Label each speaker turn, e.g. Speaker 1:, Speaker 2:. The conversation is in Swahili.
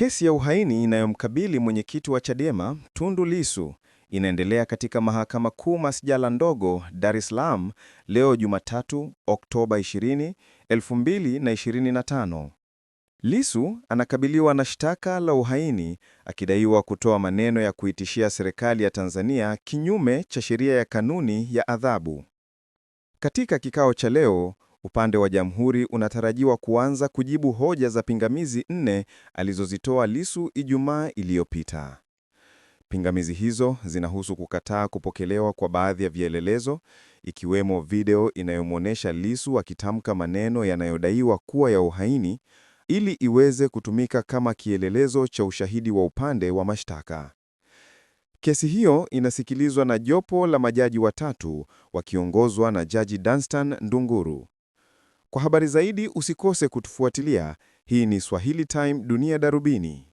Speaker 1: Kesi ya uhaini inayomkabili mwenyekiti wa Chadema Tundu Lissu inaendelea katika Mahakama Kuu masijala Ndogo, Dar es Salaam leo Jumatatu, Oktoba 20, 2025. Lissu anakabiliwa na shtaka la uhaini akidaiwa kutoa maneno ya kuitishia serikali ya Tanzania kinyume cha sheria ya kanuni ya adhabu. Katika kikao cha leo, Upande wa Jamhuri unatarajiwa kuanza kujibu hoja za pingamizi nne alizozitoa Lissu Ijumaa iliyopita. Pingamizi hizo zinahusu kukataa kupokelewa kwa baadhi ya vielelezo, ikiwemo video inayomwonyesha Lissu akitamka maneno yanayodaiwa kuwa ya uhaini ili iweze kutumika kama kielelezo cha ushahidi wa upande wa mashtaka. Kesi hiyo inasikilizwa na jopo la majaji watatu wakiongozwa na Jaji Danstan Ndunguru. Kwa habari zaidi usikose kutufuatilia. Hii ni Swahili Time Dunia Darubini.